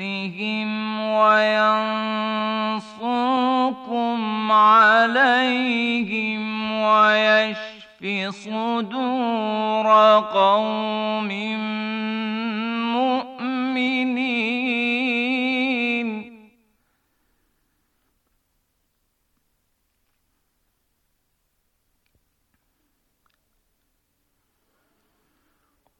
عزهم وينصركم عليهم ويشف صدور قوم مؤمنين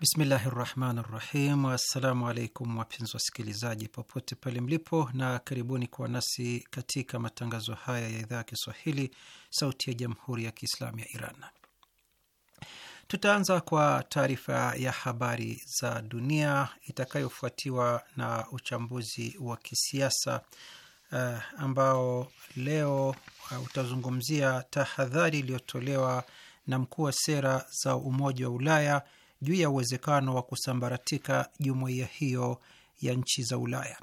Bismillahi rahmani rahim. Assalamu alaikum wapenzi wasikilizaji popote pale mlipo, na karibuni kuwa nasi katika matangazo haya ya idhaa ya Kiswahili sauti ya jamhuri ya Kiislamu ya Iran. Tutaanza kwa taarifa ya habari za dunia itakayofuatiwa na uchambuzi wa kisiasa uh, ambao leo uh, utazungumzia tahadhari iliyotolewa na mkuu wa sera za Umoja wa Ulaya juu ya uwezekano wa kusambaratika jumuiya hiyo ya nchi za Ulaya.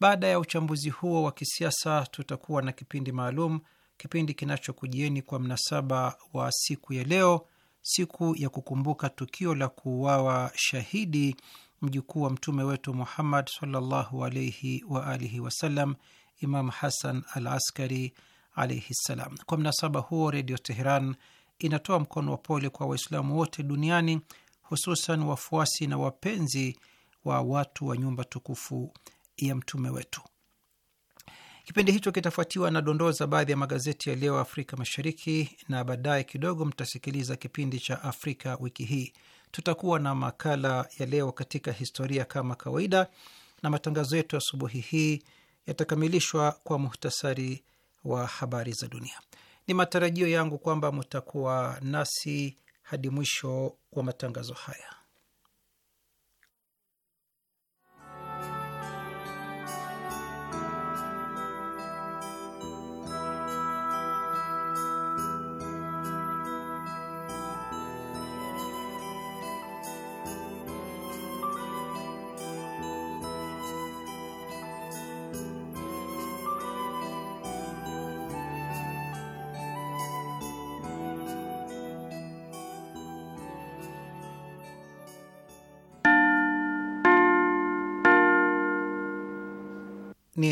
Baada ya uchambuzi huo wa kisiasa, tutakuwa na kipindi maalum, kipindi kinachokujieni kwa mnasaba wa siku ya leo, siku ya kukumbuka tukio la kuuawa shahidi mjukuu wa mtume wetu Muhammad sallallahu alaihi wa alihi wasallam, Imam Hasan al Askari alaihi ssalam. Kwa mnasaba huo, Redio Teheran inatoa mkono wa pole kwa Waislamu wote duniani hususan wafuasi na wapenzi wa watu wa nyumba tukufu ya mtume wetu. Kipindi hicho kitafuatiwa na dondoo za baadhi ya magazeti ya leo Afrika Mashariki, na baadaye kidogo mtasikiliza kipindi cha Afrika wiki hii. Tutakuwa na makala ya leo katika historia kama kawaida, na matangazo yetu asubuhi hii yatakamilishwa kwa muhtasari wa habari za dunia. Ni matarajio yangu kwamba mtakuwa nasi hadi mwisho wa matangazo haya.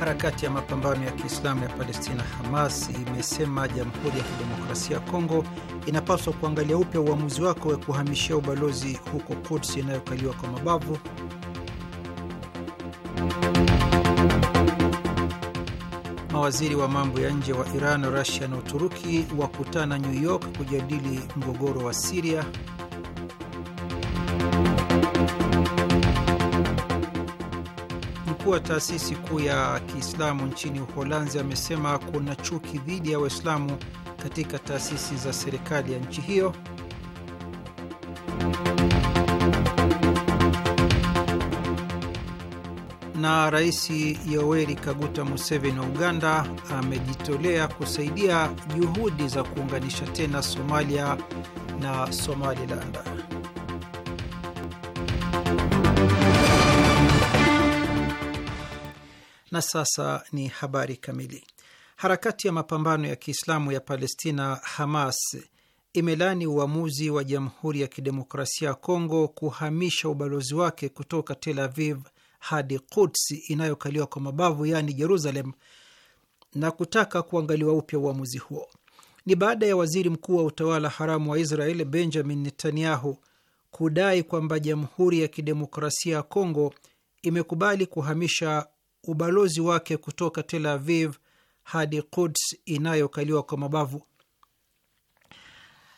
Harakati ya mapambano ya Kiislamu ya Palestina, Hamas, imesema Jamhuri ya Kidemokrasia ya Kongo inapaswa kuangalia upya uamuzi wake wa kuhamishia ubalozi huko kuts inayokaliwa kwa mabavu. Mawaziri wa mambo ya nje wa Iran, rusia na Uturuki wakutana New York kujadili mgogoro wa Siria. mkuu wa taasisi kuu ya Kiislamu nchini Uholanzi amesema kuna chuki dhidi ya Waislamu katika taasisi za serikali ya nchi hiyo. Na Rais Yoweri Kaguta Museveni wa Uganda amejitolea kusaidia juhudi za kuunganisha tena Somalia na Somaliland. Na sasa ni habari kamili. Harakati ya mapambano ya Kiislamu ya Palestina, Hamas, imelani uamuzi wa Jamhuri ya Kidemokrasia ya Kongo kuhamisha ubalozi wake kutoka Tel Aviv hadi Quds inayokaliwa kwa mabavu, yaani Jerusalem, na kutaka kuangaliwa upya uamuzi huo. Ni baada ya waziri mkuu wa utawala haramu wa Israel Benjamin Netanyahu kudai kwamba Jamhuri ya Kidemokrasia ya Kongo imekubali kuhamisha ubalozi wake kutoka Tel Aviv hadi Quds inayokaliwa kwa mabavu.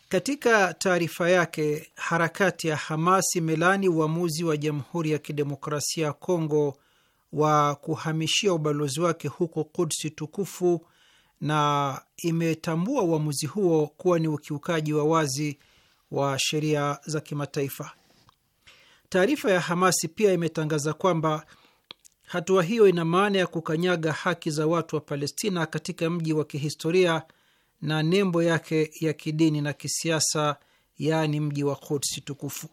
Katika taarifa yake, harakati ya Hamas imelaani uamuzi wa Jamhuri ya Kidemokrasia ya Kongo wa kuhamishia ubalozi wake huko kudsi tukufu na imetambua uamuzi huo kuwa ni ukiukaji wa wazi wa sheria za kimataifa. Taarifa ya Hamasi pia imetangaza kwamba Hatua hiyo ina maana ya kukanyaga haki za watu wa Palestina katika mji wa kihistoria na nembo yake ya kidini na kisiasa, yaani mji wa Kudsi tukufu.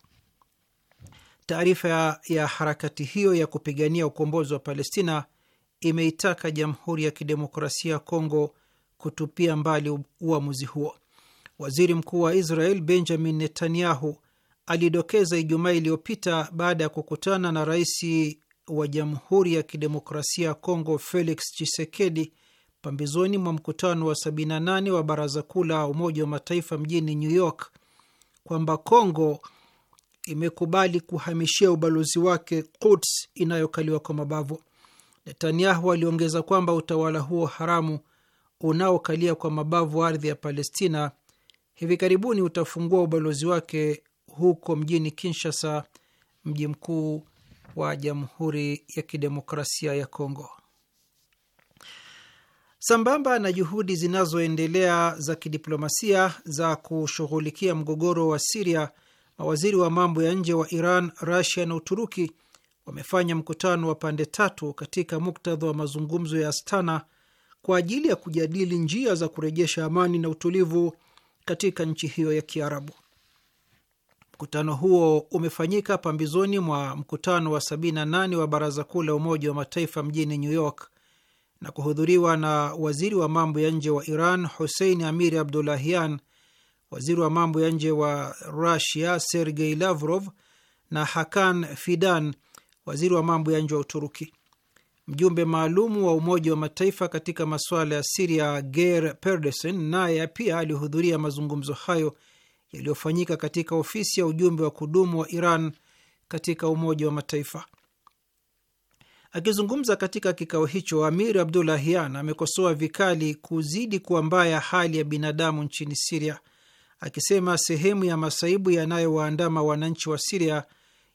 Taarifa ya, ya harakati hiyo ya kupigania ukombozi wa Palestina imeitaka Jamhuri ya Kidemokrasia ya Kongo kutupia mbali uamuzi huo. Waziri Mkuu wa Israel Benjamin Netanyahu alidokeza Ijumaa iliyopita baada ya kukutana na rais wa Jamhuri ya Kidemokrasia ya Kongo Felix Tshisekedi pambizoni mwa mkutano wa 78 wa Baraza Kuu la Umoja wa Mataifa mjini New York kwamba Kongo imekubali kuhamishia ubalozi wake Quds inayokaliwa kwa mabavu. Netanyahu aliongeza kwamba utawala huo haramu unaokalia kwa mabavu ardhi ya Palestina hivi karibuni utafungua ubalozi wake huko mjini Kinshasa, mji mkuu wa Jamhuri ya Kidemokrasia ya Kongo. Sambamba na juhudi zinazoendelea za kidiplomasia za kushughulikia mgogoro wa Siria, mawaziri wa mambo ya nje wa Iran, Rasia na Uturuki wamefanya mkutano wa pande tatu katika muktadha wa mazungumzo ya Astana kwa ajili ya kujadili njia za kurejesha amani na utulivu katika nchi hiyo ya Kiarabu. Mkutano huo umefanyika pambizoni mwa mkutano wa 78 wa Baraza Kuu la Umoja wa Mataifa mjini New York na kuhudhuriwa na waziri wa mambo ya nje wa Iran Hussein Amir Abdollahian, waziri wa mambo ya nje wa Rusia Sergei Lavrov na Hakan Fidan, waziri wa mambo ya nje wa Uturuki. Mjumbe maalumu wa Umoja wa Mataifa katika masuala ya Siria Geir Pedersen naye pia alihudhuria mazungumzo hayo yaliyofanyika katika ofisi ya ujumbe wa kudumu wa Iran katika Umoja wa Mataifa. Akizungumza katika kikao hicho, Amir Abdulahian amekosoa vikali kuzidi kuwa mbaya hali ya binadamu nchini Siria, akisema sehemu ya masaibu yanayowaandama wananchi wa Siria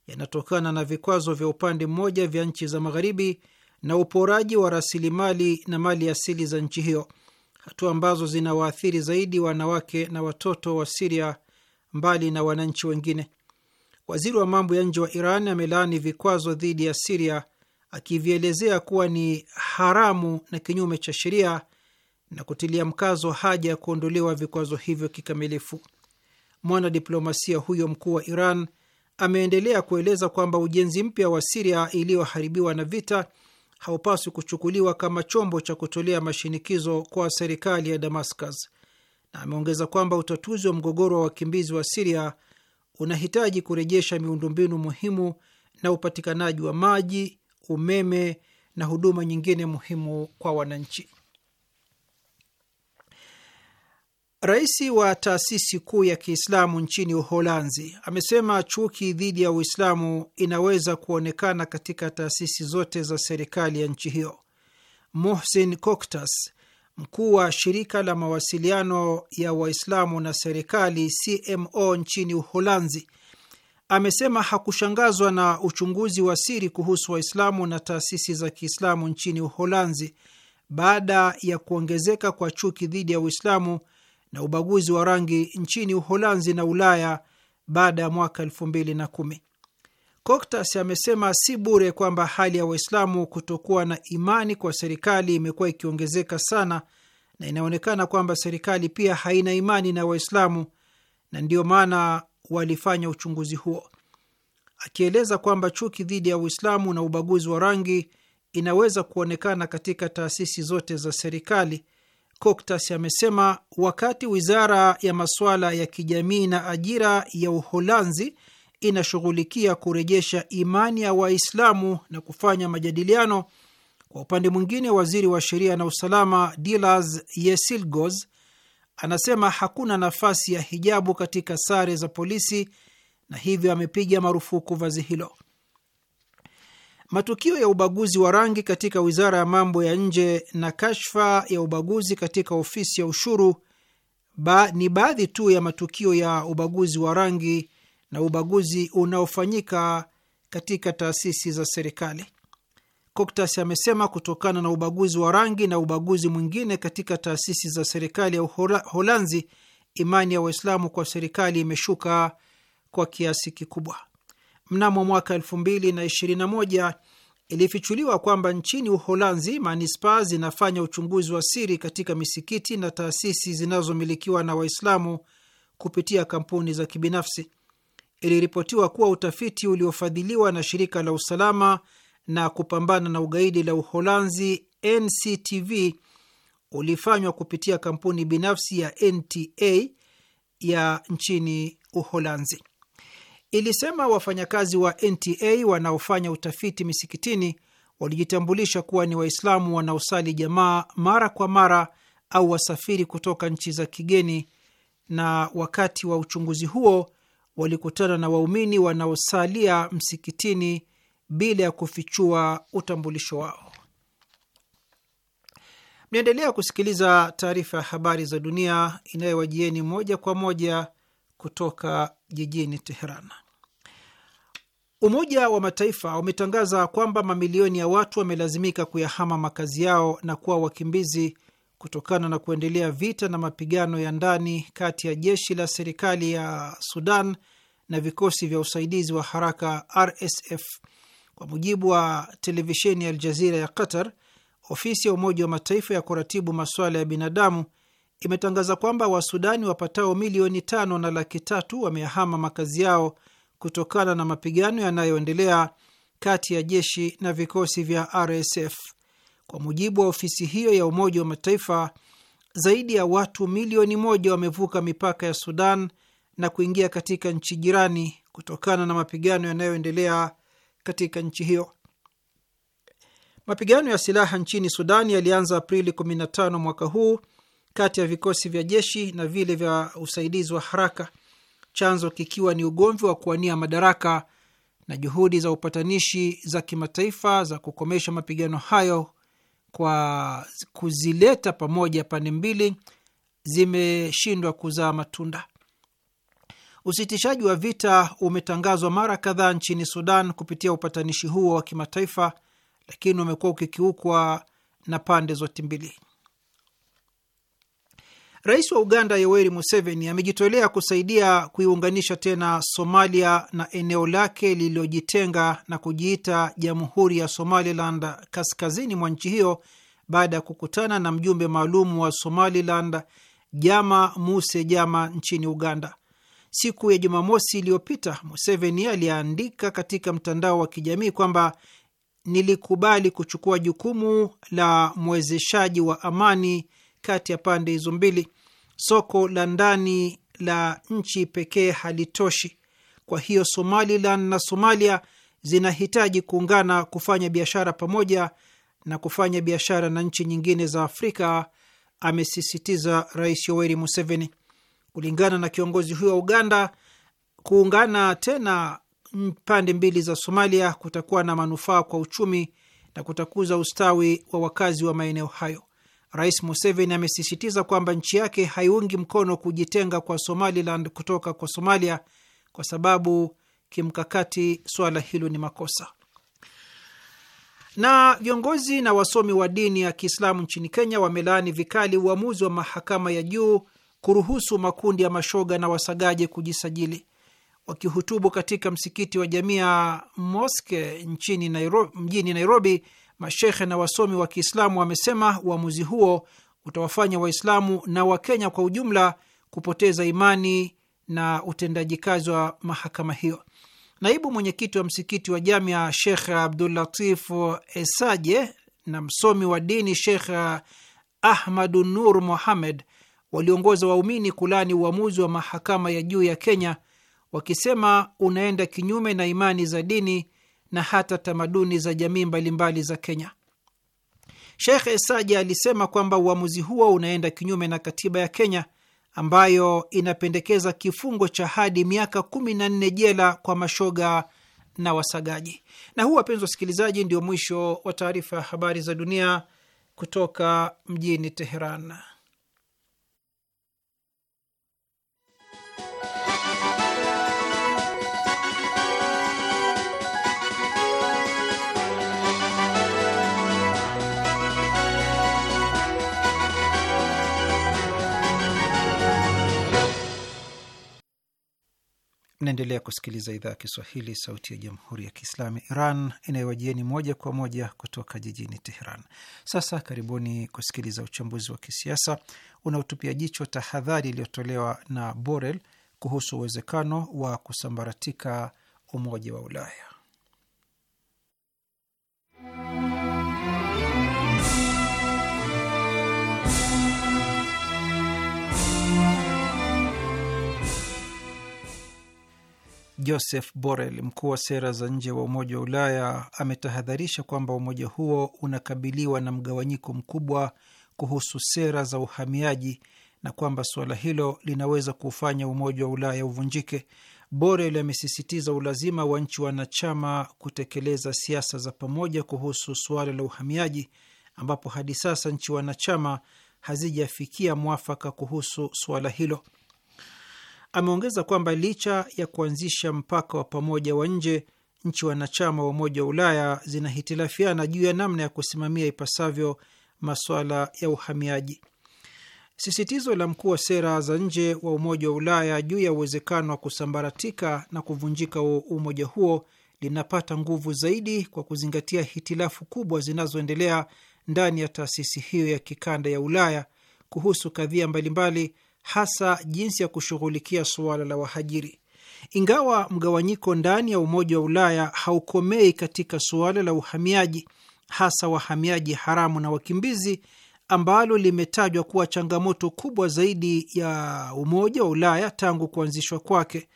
yanatokana na vikwazo vya upande mmoja vya nchi za Magharibi na uporaji wa rasilimali na mali asili za nchi hiyo, hatua ambazo zinawaathiri zaidi wanawake na watoto wa Siria mbali na wananchi wengine. Waziri wa mambo ya nje wa Iran amelaani vikwazo dhidi ya Siria akivielezea kuwa ni haramu na kinyume cha sheria na kutilia mkazo haja ya kuondolewa vikwazo hivyo kikamilifu. Mwanadiplomasia huyo mkuu wa Iran ameendelea kueleza kwamba ujenzi mpya wa Siria iliyoharibiwa na vita haupaswi kuchukuliwa kama chombo cha kutolea mashinikizo kwa serikali ya Damascus na ameongeza kwamba utatuzi wa mgogoro wa wakimbizi wa Siria unahitaji kurejesha miundombinu muhimu na upatikanaji wa maji, umeme na huduma nyingine muhimu kwa wananchi. Rais wa taasisi kuu ya Kiislamu nchini Uholanzi amesema chuki dhidi ya Uislamu inaweza kuonekana katika taasisi zote za serikali ya nchi hiyo. Mohsin Koktas Mkuu wa shirika la mawasiliano ya Waislamu na serikali CMO nchini Uholanzi amesema hakushangazwa na uchunguzi wa siri kuhusu Waislamu na taasisi za Kiislamu nchini Uholanzi baada ya kuongezeka kwa chuki dhidi ya Uislamu na ubaguzi wa rangi nchini Uholanzi na Ulaya baada ya mwaka elfu mbili na kumi. Coctas amesema si bure kwamba hali ya Waislamu kutokuwa na imani kwa serikali imekuwa ikiongezeka sana, na inaonekana kwamba serikali pia haina imani na Waislamu na ndiyo maana walifanya uchunguzi huo, akieleza kwamba chuki dhidi ya Uislamu na ubaguzi wa rangi inaweza kuonekana katika taasisi zote za serikali. Coctas amesema wakati wizara ya masuala ya kijamii na ajira ya Uholanzi inashughulikia kurejesha imani ya Waislamu na kufanya majadiliano. Kwa upande mwingine, waziri wa sheria na usalama Dilas Yesilgoz anasema hakuna nafasi ya hijabu katika sare za polisi na hivyo amepiga marufuku vazi hilo. Matukio ya ubaguzi wa rangi katika wizara ya mambo ya nje na kashfa ya ubaguzi katika ofisi ya ushuru ba, ni baadhi tu ya matukio ya ubaguzi wa rangi na ubaguzi unaofanyika katika taasisi za serikali. Coktas amesema kutokana na ubaguzi wa rangi na ubaguzi mwingine katika taasisi za serikali ya Uholanzi, imani ya Waislamu kwa serikali imeshuka kwa kiasi kikubwa. Mnamo mwaka 2021 ilifichuliwa kwamba nchini Uholanzi manispaa zinafanya uchunguzi wa siri katika misikiti na taasisi zinazomilikiwa na Waislamu kupitia kampuni za kibinafsi iliripotiwa kuwa utafiti uliofadhiliwa na shirika la usalama na kupambana na ugaidi la Uholanzi NCTV ulifanywa kupitia kampuni binafsi ya NTA ya nchini Uholanzi. Ilisema wafanyakazi wa NTA wanaofanya utafiti misikitini walijitambulisha kuwa ni Waislamu wanaosali jamaa mara kwa mara au wasafiri kutoka nchi za kigeni, na wakati wa uchunguzi huo walikutana na waumini wanaosalia msikitini bila ya kufichua utambulisho wao. Mnaendelea kusikiliza taarifa ya habari za dunia inayowajieni moja kwa moja kutoka jijini Teheran. Umoja wa Mataifa umetangaza kwamba mamilioni ya watu wamelazimika kuyahama makazi yao na kuwa wakimbizi kutokana na kuendelea vita na mapigano ya ndani kati ya jeshi la serikali ya Sudan na vikosi vya usaidizi wa haraka RSF. Kwa mujibu wa televisheni ya Aljazira ya Qatar, ofisi ya Umoja wa Mataifa ya kuratibu masuala ya binadamu imetangaza kwamba Wasudani wapatao milioni tano na laki tatu wameahama makazi yao kutokana na mapigano yanayoendelea kati ya jeshi na vikosi vya RSF. Kwa mujibu wa ofisi hiyo ya Umoja wa Mataifa, zaidi ya watu milioni moja wamevuka mipaka ya Sudan na kuingia katika nchi jirani kutokana na mapigano yanayoendelea katika nchi hiyo. Mapigano ya silaha nchini Sudan yalianza Aprili 15 mwaka huu kati ya vikosi vya jeshi na vile vya usaidizi wa haraka, chanzo kikiwa ni ugomvi wa kuwania madaraka na juhudi za upatanishi za kimataifa za kukomesha mapigano hayo kwa kuzileta pamoja pande mbili zimeshindwa kuzaa matunda. Usitishaji wa vita umetangazwa mara kadhaa nchini Sudan kupitia upatanishi huo wa kimataifa, lakini umekuwa ukikiukwa na pande zote mbili. Rais wa Uganda Yoweri Museveni amejitolea kusaidia kuiunganisha tena Somalia na eneo lake lililojitenga na kujiita Jamhuri ya Somaliland kaskazini mwa nchi hiyo baada ya kukutana na mjumbe maalum wa Somaliland Jama Muse Jama nchini Uganda. Siku ya Jumamosi iliyopita, Museveni aliandika katika mtandao wa kijamii kwamba nilikubali kuchukua jukumu la mwezeshaji wa amani kati ya pande hizo mbili. Soko la ndani la nchi pekee halitoshi, kwa hiyo Somaliland na Somalia zinahitaji kuungana kufanya biashara pamoja na kufanya biashara na nchi nyingine za Afrika, amesisitiza Rais Yoweri Museveni. Kulingana na kiongozi huyo wa Uganda, kuungana tena pande mbili za Somalia kutakuwa na manufaa kwa uchumi na kutakuza ustawi wa wakazi wa maeneo hayo. Rais Museveni amesisitiza kwamba nchi yake haiungi mkono kujitenga kwa Somaliland kutoka kwa Somalia kwa sababu kimkakati swala hilo ni makosa. Na viongozi na wasomi wa dini ya Kiislamu nchini Kenya wamelaani vikali uamuzi wa mahakama ya juu kuruhusu makundi ya mashoga na wasagaji kujisajili. Wakihutubu katika msikiti wa Jamia Mosque nchini Nairobi, mjini Nairobi, Mashekhe na wasomi wa Kiislamu wamesema uamuzi huo utawafanya Waislamu na Wakenya kwa ujumla kupoteza imani na utendaji kazi wa mahakama hiyo. Naibu mwenyekiti wa msikiti wa Jamia Shekh Abdulatif Esaje na msomi wa dini Shekh Ahmadu Nur Mohamed waliongoza waumini kulani uamuzi wa mahakama ya juu ya Kenya, wakisema unaenda kinyume na imani za dini na hata tamaduni za jamii mbalimbali za Kenya. Sheikh Esaja alisema kwamba uamuzi huo unaenda kinyume na katiba ya Kenya ambayo inapendekeza kifungo cha hadi miaka kumi na nne jela kwa mashoga na wasagaji. Na huu, wapenzi wasikilizaji, ndio mwisho wa taarifa ya habari za dunia kutoka mjini Teheran. Mnaendelea kusikiliza idhaa ya Kiswahili, sauti ya jamhuri ya kiislamu Iran inayowajieni moja kwa moja kutoka jijini Teheran. Sasa karibuni kusikiliza uchambuzi wa kisiasa unaotupia jicho tahadhari iliyotolewa na Borel kuhusu uwezekano wa kusambaratika umoja wa Ulaya. Joseph Borrell, mkuu wa sera za nje wa Umoja wa Ulaya, ametahadharisha kwamba umoja huo unakabiliwa na mgawanyiko mkubwa kuhusu sera za uhamiaji na kwamba suala hilo linaweza kuufanya Umoja wa Ulaya uvunjike. Borrell amesisitiza ulazima wa nchi wanachama kutekeleza siasa za pamoja kuhusu suala la uhamiaji, ambapo hadi sasa nchi wanachama hazijafikia mwafaka kuhusu suala hilo. Ameongeza kwamba licha ya kuanzisha mpaka wa pamoja wa nje, nchi wanachama wa Umoja wa Ulaya zinahitilafiana juu ya namna ya kusimamia ipasavyo masuala ya uhamiaji. Sisitizo la mkuu wa sera za nje wa Umoja wa Ulaya juu ya uwezekano wa kusambaratika na kuvunjika umoja huo linapata nguvu zaidi kwa kuzingatia hitilafu kubwa zinazoendelea ndani ya taasisi hiyo ya kikanda ya Ulaya kuhusu kadhia mbalimbali hasa jinsi ya kushughulikia suala la wahajiri. Ingawa mgawanyiko ndani ya Umoja wa Ulaya haukomei katika suala la uhamiaji, hasa wahamiaji haramu na wakimbizi, ambalo limetajwa kuwa changamoto kubwa zaidi ya Umoja wa Ulaya tangu kuanzishwa kwake.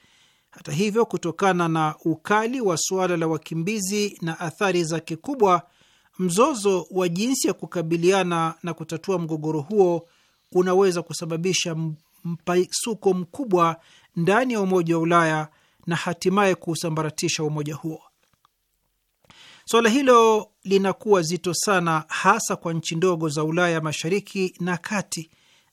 Hata hivyo, kutokana na ukali wa suala la wakimbizi na athari zake kubwa, mzozo wa jinsi ya kukabiliana na kutatua mgogoro huo unaweza kusababisha mpasuko mkubwa ndani ya Umoja wa Ulaya na hatimaye kuusambaratisha umoja huo. Suala hilo linakuwa zito sana, hasa kwa nchi ndogo za Ulaya mashariki na kati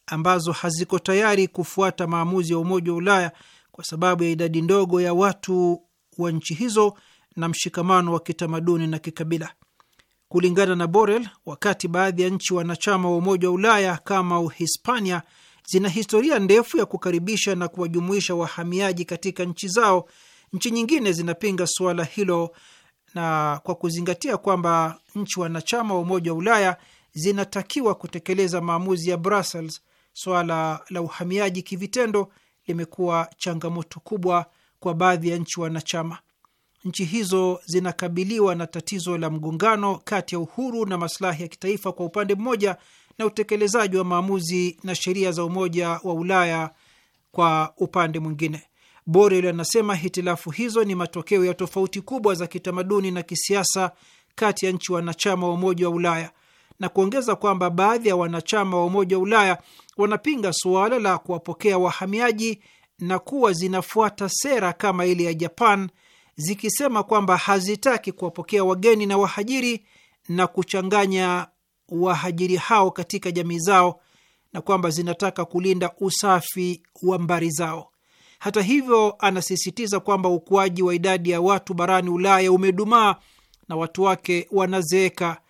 ambazo haziko tayari kufuata maamuzi ya Umoja wa Ulaya kwa sababu ya idadi ndogo ya watu wa nchi hizo na mshikamano wa kitamaduni na kikabila. Kulingana na Borel, wakati baadhi ya nchi wanachama wa Umoja wa Ulaya kama Uhispania zina historia ndefu ya kukaribisha na kuwajumuisha wahamiaji katika nchi zao, nchi nyingine zinapinga suala hilo, na kwa kuzingatia kwamba nchi wanachama wa Umoja wa Ulaya zinatakiwa kutekeleza maamuzi ya Brussels, suala la uhamiaji kivitendo limekuwa changamoto kubwa kwa baadhi ya nchi wanachama nchi hizo zinakabiliwa na tatizo la mgongano kati ya uhuru na masilahi ya kitaifa kwa upande mmoja na utekelezaji wa maamuzi na sheria za Umoja wa Ulaya kwa upande mwingine. Borel anasema hitilafu hizo ni matokeo ya tofauti kubwa za kitamaduni na kisiasa kati ya nchi wanachama wa Umoja wa Ulaya na kuongeza kwamba baadhi ya wanachama wa Umoja wa Ulaya wanapinga suala la kuwapokea wahamiaji na kuwa zinafuata sera kama ile ya Japan zikisema kwamba hazitaki kuwapokea wageni na wahajiri na kuchanganya wahajiri hao katika jamii zao na kwamba zinataka kulinda usafi wa mbari zao. Hata hivyo, anasisitiza kwamba ukuaji wa idadi ya watu barani Ulaya umedumaa na watu wake wanazeeka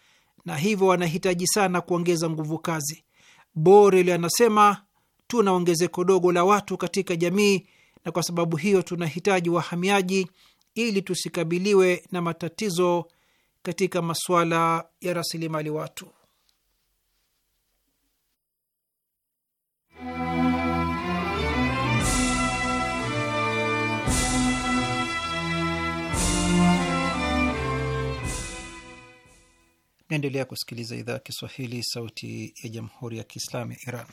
na hivyo wanahitaji sana kuongeza nguvu kazi. Borel anasema tuna ongezeko dogo la watu katika jamii, na kwa sababu hiyo tunahitaji wahamiaji ili tusikabiliwe na matatizo katika masuala ya rasilimali watu. Naendelea kusikiliza idhaa ya Kiswahili, sauti ya jamhuri ya kiislamu ya Iran.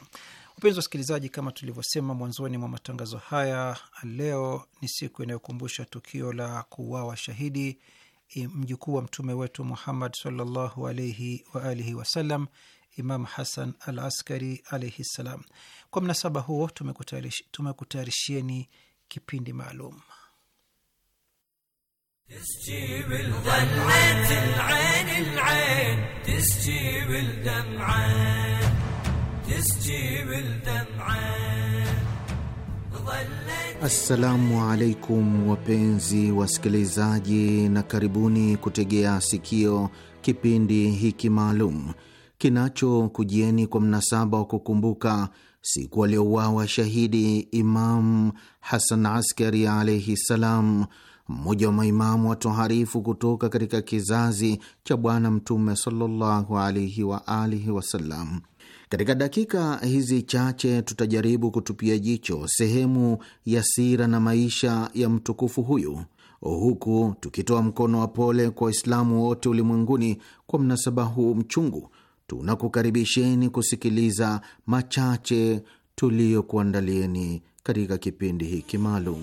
Mpenzi wasikilizaji, kama tulivyosema mwanzoni mwa matangazo haya, leo ni siku inayokumbusha tukio la kuuawa shahidi mjukuu wa mtume wetu Muhammad sallallahu alaihi alihi wasallam, Imam Hasan al Askari alaihi ssalam. Kwa mnasaba huo tumekutayarishieni kipindi maalum Assalamu alaikum wapenzi wasikilizaji, na karibuni kutegea sikio kipindi hiki maalum kinachokujieni kwa mnasaba wa kukumbuka siku aliyouawa shahidi Imam Hasan Askari alaihi ssalam, mmoja wa maimamu watoharifu kutoka katika kizazi cha Bwana Mtume sallallahu alaihi waalihi wasallam. Katika dakika hizi chache tutajaribu kutupia jicho sehemu ya sira na maisha ya mtukufu huyu huku tukitoa mkono wa pole kwa Waislamu wote ulimwenguni kwa mnasaba huu mchungu. Tunakukaribisheni kusikiliza machache tuliyokuandalieni katika kipindi hiki maalum.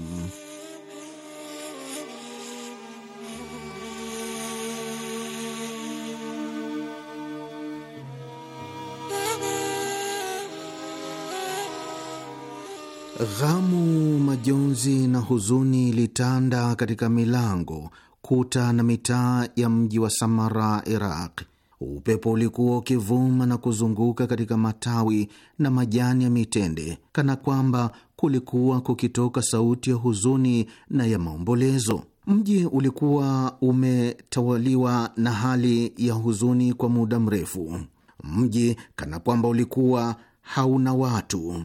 Ghamu, majonzi na huzuni ilitanda katika milango, kuta na mitaa ya mji wa Samara, Iraq. Upepo ulikuwa ukivuma na kuzunguka katika matawi na majani ya mitende, kana kwamba kulikuwa kukitoka sauti ya huzuni na ya maombolezo. Mji ulikuwa umetawaliwa na hali ya huzuni kwa muda mrefu. Mji kana kwamba ulikuwa hauna watu.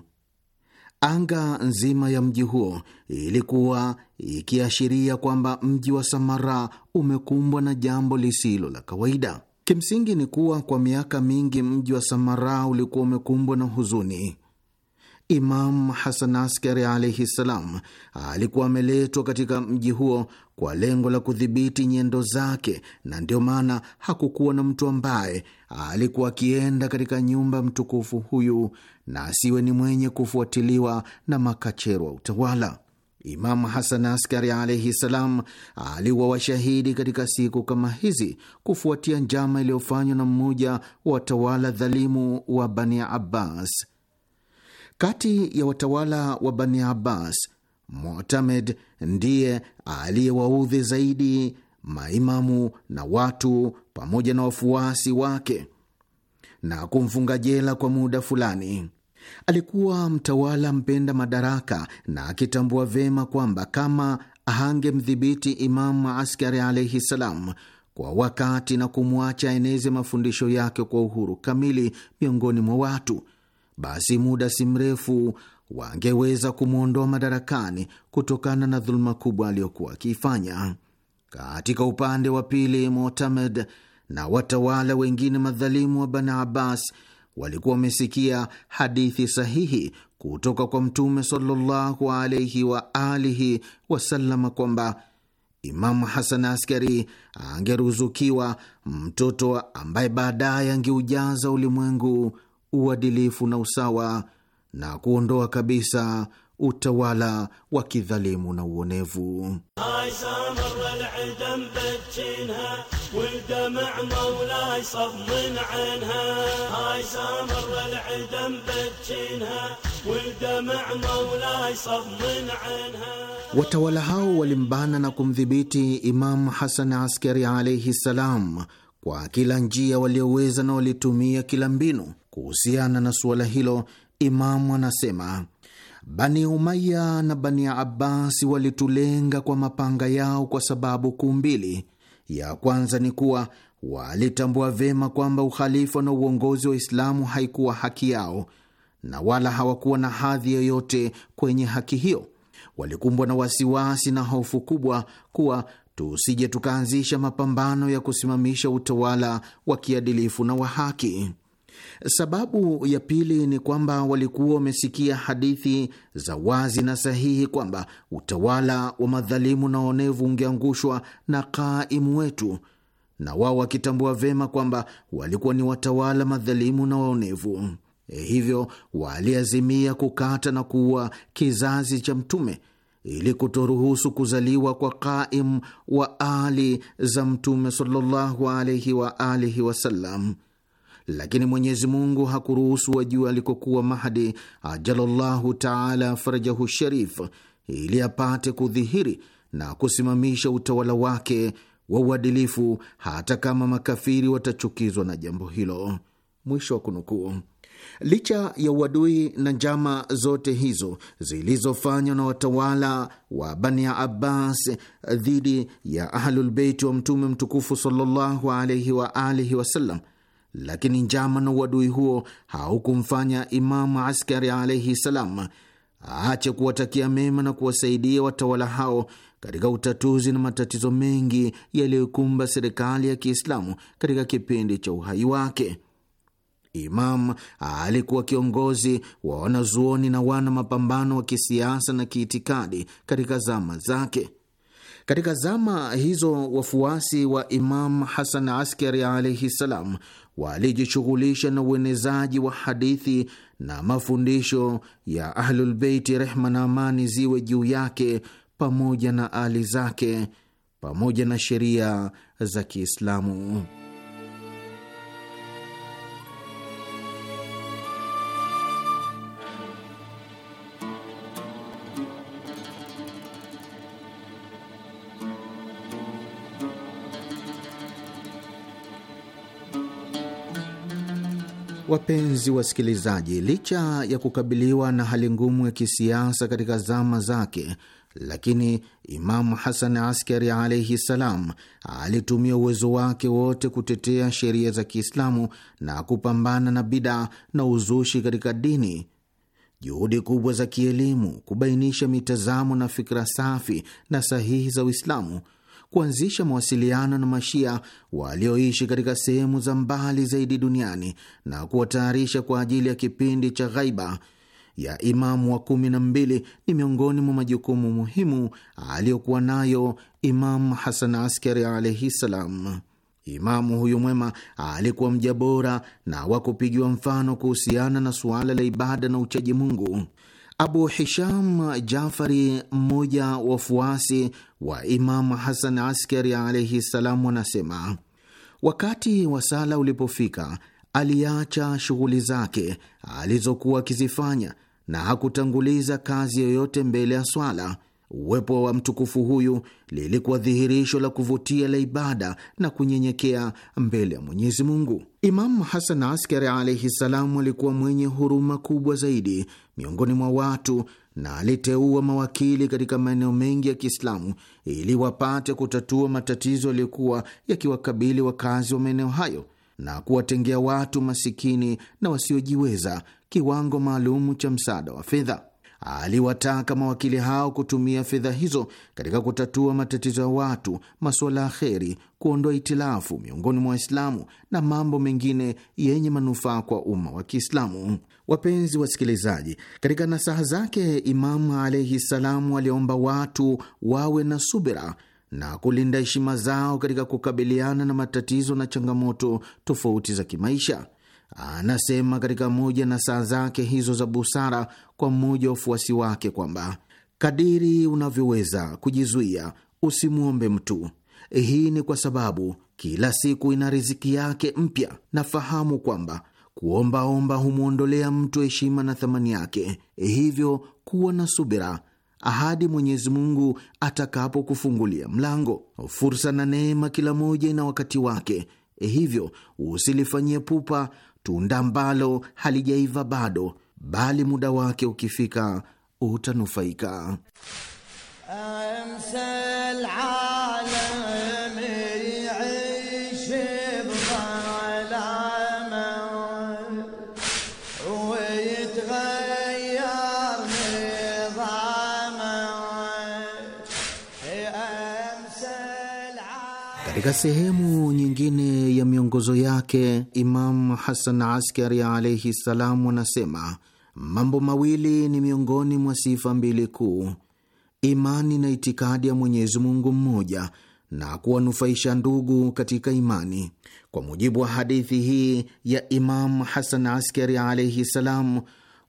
Anga nzima ya mji huo ilikuwa ikiashiria kwamba mji wa Samara umekumbwa na jambo lisilo la kawaida. Kimsingi ni kuwa kwa miaka mingi mji wa Samara ulikuwa umekumbwa na huzuni. Imam Hasan Askari alaihi ssalam alikuwa ameletwa katika mji huo kwa lengo la kudhibiti nyendo zake, na ndio maana hakukuwa na mtu ambaye alikuwa akienda katika nyumba mtukufu huyu na asiwe ni mwenye kufuatiliwa na makachero wa utawala. Imamu Hasan Askari alaihi salam aliwa washahidi katika siku kama hizi kufuatia njama iliyofanywa na mmoja wa watawala dhalimu wa Bani Abbas. Kati ya watawala wa Bani Abbas, Mutamed ndiye aliyewaudhi zaidi maimamu na watu pamoja na wafuasi wake na kumfunga jela kwa muda fulani. Alikuwa mtawala mpenda madaraka na akitambua vyema kwamba kama hangemdhibiti Imamu Askari alaihi ssalam kwa wakati na kumwacha aeneze mafundisho yake kwa uhuru kamili miongoni mwa watu, basi muda si mrefu wangeweza kumwondoa madarakani kutokana na dhuluma kubwa aliyokuwa akiifanya. Katika upande wa pili, Motamed na watawala wengine madhalimu wa Bani Abbas walikuwa wamesikia hadithi sahihi kutoka kwa Mtume sallallahu alaihi wa alihi kwamba Imamu Hasan Askari angeruzukiwa mtoto ambaye baadaye angeujaza ulimwengu uadilifu na usawa na kuondoa kabisa utawala wa kidhalimu na uonevu. هاي من عينها هاي سامر العدم بتشينها والدمع مولاي من عينها watawala hao walimbana na kumdhibiti Imamu Hasan Askari alaihi ssalam kwa kila njia walioweza na walitumia kila mbinu. Kuhusiana na suala hilo, Imamu anasema Bani Umaya na Bani Abbasi walitulenga kwa mapanga yao kwa sababu kuu mbili. Ya kwanza ni kuwa walitambua vema kwamba ukhalifa na uongozi wa Islamu haikuwa haki yao na wala hawakuwa na hadhi yoyote kwenye haki hiyo. Walikumbwa na wasiwasi na hofu kubwa kuwa tusije tukaanzisha mapambano ya kusimamisha utawala wa kiadilifu na wa haki. Sababu ya pili ni kwamba walikuwa wamesikia hadithi za wazi na sahihi kwamba utawala wa madhalimu na onevu ungeangushwa na kaimu wetu na wao wakitambua vyema kwamba walikuwa ni watawala madhalimu na waonevu. E, hivyo waliazimia kukata na kuua kizazi cha Mtume ili kutoruhusu kuzaliwa kwa Qaim wa ali za Mtume sallallahu alaihi wa alihi wasallam. Lakini Mwenyezi Mungu hakuruhusu wajua alikokuwa Mahdi ajalallahu taala farajahu sharif, ili apate kudhihiri na kusimamisha utawala wake wa uadilifu, hata kama makafiri watachukizwa na jambo hilo. Mwisho wa kunukuu. Licha ya uadui na njama zote hizo zilizofanywa na watawala wa Bani Abbas dhidi ya Ahlulbeiti wa Mtume mtukufu sallallahu alaihi wa alihi wasallam, lakini njama na uadui huo haukumfanya Imamu Askari alaihi salam aache kuwatakia mema na kuwasaidia watawala hao katika utatuzi na matatizo mengi yaliyokumba serikali ya Kiislamu katika kipindi cha uhai wake. Imam alikuwa kiongozi wa wanazuoni na wana mapambano wa kisiasa na kiitikadi katika zama zake. Katika zama hizo wafuasi wa Imam Hasan Askari alaihi ssalam walijishughulisha na uenezaji wa hadithi na mafundisho ya Ahlulbeiti, rehma na amani ziwe juu yake pamoja na ali zake pamoja na sheria za Kiislamu. Wapenzi wasikilizaji, licha ya kukabiliwa na hali ngumu ya kisiasa katika zama zake, lakini Imamu Hasan Askari alaihi ssalam alitumia uwezo wake wote kutetea sheria za Kiislamu na kupambana na bidaa na uzushi katika dini. Juhudi kubwa za kielimu, kubainisha mitazamo na fikra safi na sahihi za Uislamu, kuanzisha mawasiliano na Mashia walioishi katika sehemu za mbali zaidi duniani na kuwatayarisha kwa ajili ya kipindi cha ghaiba ya Imamu wa kumi na mbili ni miongoni mwa majukumu muhimu aliyokuwa nayo Imamu Hasan Askari alaihi ssalam. Imamu huyu mwema alikuwa mja bora na wa kupigiwa mfano kuhusiana na suala la ibada na uchaji Mungu. Abu Hisham Jafari, mmoja wafuasi wa Imamu Hasan Askari alaihi ssalam, anasema wakati wa sala ulipofika aliacha shughuli zake alizokuwa akizifanya na hakutanguliza kazi yoyote mbele ya swala. Uwepo wa mtukufu huyu lilikuwa dhihirisho la kuvutia la ibada na kunyenyekea mbele ya Mwenyezi Mungu. Imamu Hasan Askari alaihi salam alikuwa mwenye huruma kubwa zaidi miongoni mwa watu na aliteua mawakili katika maeneo mengi ya Kiislamu ili wapate kutatua matatizo yaliyokuwa yakiwakabili wakazi wa maeneo hayo na kuwatengea watu masikini na wasiojiweza kiwango maalum cha msaada wa fedha. Aliwataka mawakili hao kutumia fedha hizo katika kutatua matatizo ya watu, masuala ya kheri, kuondoa itilafu miongoni mwa Waislamu na mambo mengine yenye manufaa kwa umma wa Kiislamu. Wapenzi wasikilizaji, katika nasaha zake Imamu alaihi salamu aliomba watu wawe na subira na kulinda heshima zao katika kukabiliana na matatizo na changamoto tofauti za kimaisha. Anasema katika moja na saa zake hizo za busara kwa mmoja wa wafuasi wake kwamba kadiri unavyoweza kujizuia, usimwombe mtu. Hii ni kwa sababu kila siku ina riziki yake mpya. Nafahamu kwamba kuombaomba humwondolea mtu heshima na thamani yake, hivyo kuwa na subira ahadi Mwenyezi Mungu atakapokufungulia mlango. Fursa na neema kila moja ina wakati wake, e hivyo usilifanyie pupa tunda ambalo halijaiva bado, bali muda wake ukifika utanufaika. Katika sehemu nyingine ya miongozo yake, imam Hasan Askari alaihi ssalam anasema mambo mawili ni miongoni mwa sifa mbili kuu: imani na itikadi ya Mwenyezi Mungu mmoja na kuwanufaisha ndugu katika imani. Kwa mujibu wa hadithi hii ya imam Hasan Askari alaihi ssalam,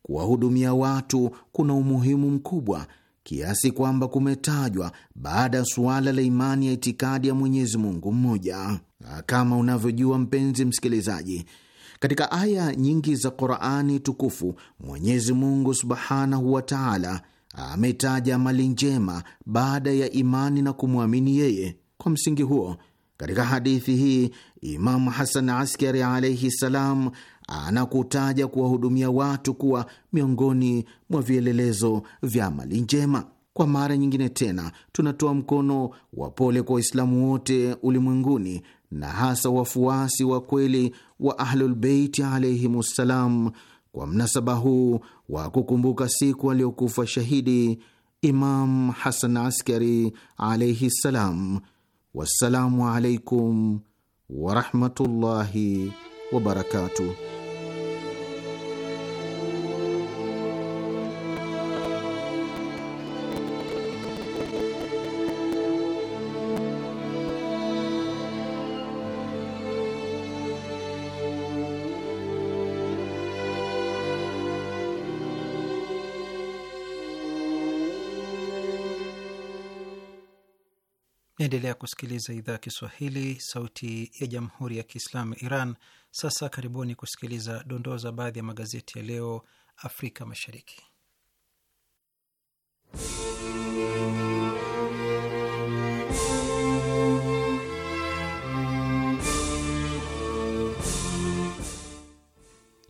kuwahudumia watu kuna umuhimu mkubwa kiasi kwamba kumetajwa baada ya suala la imani ya itikadi ya Mwenyezi Mungu mmoja. Kama unavyojua mpenzi msikilizaji, katika aya nyingi za Qurani tukufu Mwenyezi Mungu subhanahu wa taala ametaja mali njema baada ya imani na kumwamini yeye. Kwa msingi huo, katika hadithi hii Imamu Hasan Askari alaihi salam anakutaja kuwahudumia watu kuwa miongoni mwa vielelezo vya mali njema. Kwa mara nyingine tena, tunatoa mkono wa pole kwa Waislamu wote ulimwenguni na hasa wafuasi wa kweli wa Ahlulbeiti alaihimussalam kwa mnasaba huu wa kukumbuka siku aliyokufa shahidi Imam Hasan Askari alaihi ssalam. Wassalamu alaikum warahmatullahi wabarakatuh. Naendelea kusikiliza idhaa Kiswahili, sauti ya jamhuri ya kiislamu Iran. Sasa karibuni kusikiliza dondoo za baadhi ya magazeti ya leo Afrika Mashariki.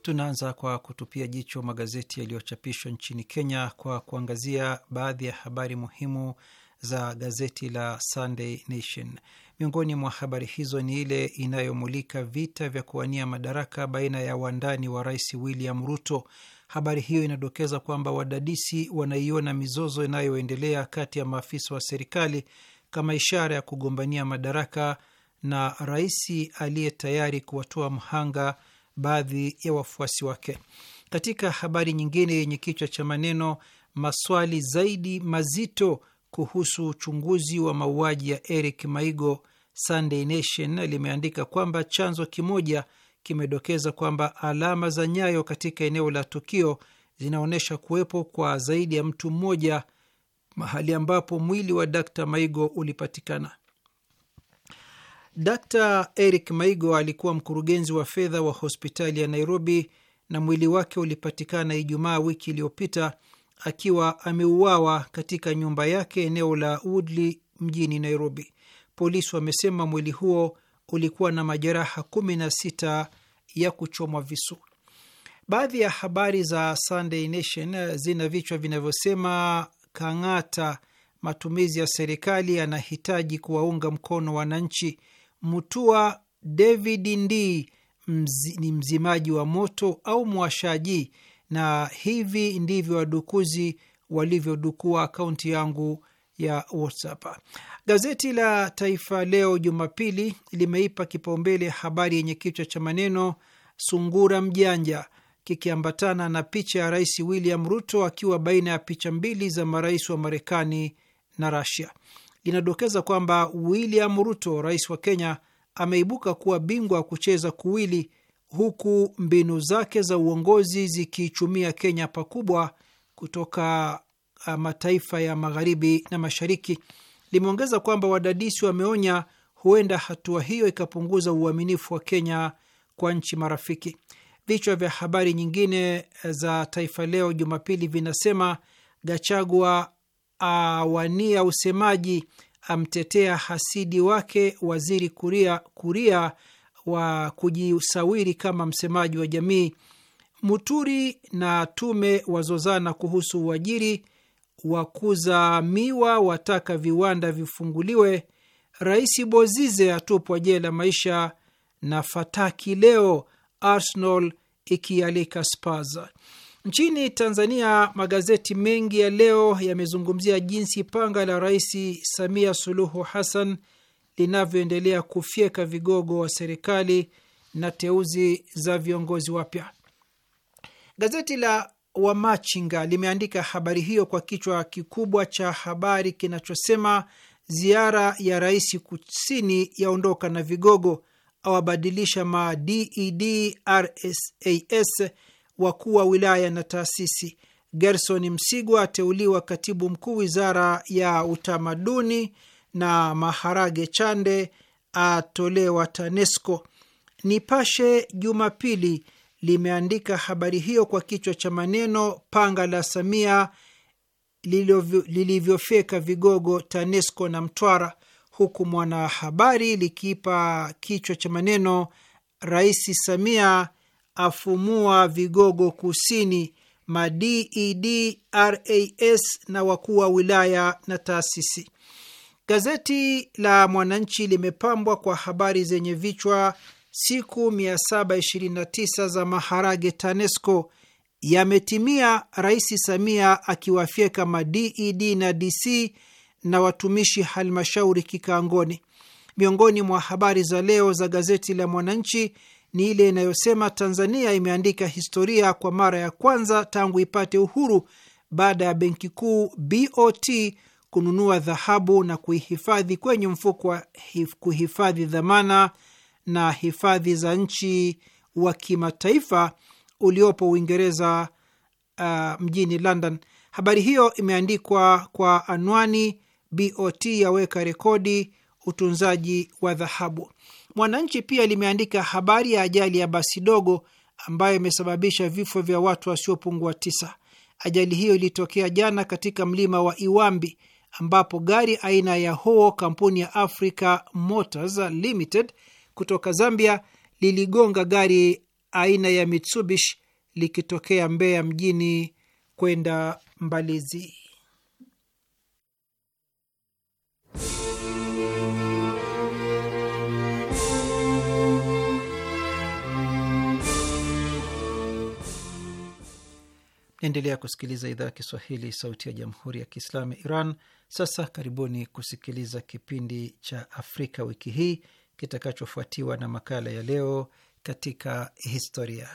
Tunaanza kwa kutupia jicho magazeti yaliyochapishwa nchini Kenya kwa kuangazia baadhi ya habari muhimu za gazeti la Sunday Nation. Miongoni mwa habari hizo ni ile inayomulika vita vya kuwania madaraka baina ya wandani wa rais William Ruto. Habari hiyo inadokeza kwamba wadadisi wanaiona mizozo inayoendelea kati ya maafisa wa serikali kama ishara ya kugombania madaraka na rais aliye tayari kuwatoa mhanga baadhi ya wafuasi wake. Katika habari nyingine yenye kichwa cha maneno maswali zaidi mazito kuhusu uchunguzi wa mauaji ya Eric Maigo, Sunday Nation limeandika kwamba chanzo kimoja kimedokeza kwamba alama za nyayo katika eneo la tukio zinaonyesha kuwepo kwa zaidi ya mtu mmoja mahali ambapo mwili wa d Maigo ulipatikana. d Eric Maigo alikuwa mkurugenzi wa fedha wa hospitali ya Nairobi na mwili wake ulipatikana Ijumaa wiki iliyopita akiwa ameuawa katika nyumba yake eneo la Woodley mjini Nairobi. Polisi wamesema mwili huo ulikuwa na majeraha kumi na sita ya kuchomwa visu. Baadhi ya habari za Sunday Nation zina vichwa vinavyosema Kang'ata, matumizi ya serikali yanahitaji kuwaunga mkono wananchi. Mutua David Ndii ni mzimaji wa moto au mwashaji na hivi ndivyo wadukuzi walivyodukua akaunti yangu ya WhatsApp. Gazeti la Taifa Leo Jumapili limeipa kipaumbele habari yenye kichwa cha maneno sungura mjanja, kikiambatana na picha ya Rais William Ruto akiwa baina ya picha mbili za marais wa Marekani na Rasia. Linadokeza kwamba William Ruto, rais wa Kenya, ameibuka kuwa bingwa wa kucheza kuwili huku mbinu zake za uongozi zikiichumia Kenya pakubwa kutoka uh, mataifa ya magharibi na mashariki. Limeongeza kwamba wadadisi wameonya huenda hatua hiyo ikapunguza uaminifu wa Kenya kwa nchi marafiki. Vichwa vya habari nyingine uh, za Taifa Leo Jumapili vinasema Gachagua uh, awania usemaji, amtetea hasidi wake waziri Kuria, Kuria wa kujisawiri kama msemaji wa jamii, Muturi na tume wazozana kuhusu uajiri, wakuza miwa wataka viwanda vifunguliwe, Rais Bozize atupwa jela maisha, na fataki leo Arsenal ikialika Spurs. Nchini Tanzania, magazeti mengi ya leo yamezungumzia jinsi panga la Rais Samia Suluhu Hassan linavyoendelea kufyeka vigogo wa serikali na teuzi za viongozi wapya. Gazeti la Wamachinga limeandika habari hiyo kwa kichwa kikubwa cha habari kinachosema ziara ya rais kusini yaondoka na vigogo, awabadilisha ma DED RSAS, wakuu wa wilaya na taasisi. Gerson Msigwa ateuliwa katibu mkuu wizara ya utamaduni na maharage chande atolewa TANESCO. Nipashe Jumapili limeandika habari hiyo kwa kichwa cha maneno panga la Samia lilivyofyeka vigogo TANESCO na Mtwara, huku Mwanahabari likiipa kichwa cha maneno Rais Samia afumua vigogo kusini, madedras ras na wakuu wa wilaya na taasisi. Gazeti la Mwananchi limepambwa kwa habari zenye vichwa: siku 729 za maharage TANESCO yametimia, Rais Samia akiwafyeka maded e na DC na watumishi halmashauri kikangoni Miongoni mwa habari za leo za gazeti la Mwananchi ni ile inayosema Tanzania imeandika historia kwa mara ya kwanza tangu ipate uhuru baada ya benki kuu BOT kununua dhahabu na kuihifadhi kwenye mfuko wa kuhifadhi dhamana na hifadhi za nchi wa kimataifa uliopo Uingereza, uh, mjini London. Habari hiyo imeandikwa kwa anwani BOT yaweka rekodi utunzaji wa dhahabu. Mwananchi pia limeandika habari ya ajali ya basi dogo ambayo imesababisha vifo vya watu wasiopungua tisa. Ajali hiyo ilitokea jana katika mlima wa Iwambi ambapo gari aina ya Howo kampuni ya Africa Motors Limited kutoka Zambia liligonga gari aina ya Mitsubishi likitokea Mbeya mjini kwenda Mbalizi. Naendelea kusikiliza idhaa ya Kiswahili, sauti ya jamhuri ya kiislamu ya Iran. Sasa karibuni kusikiliza kipindi cha Afrika wiki hii kitakachofuatiwa na makala ya leo katika historia.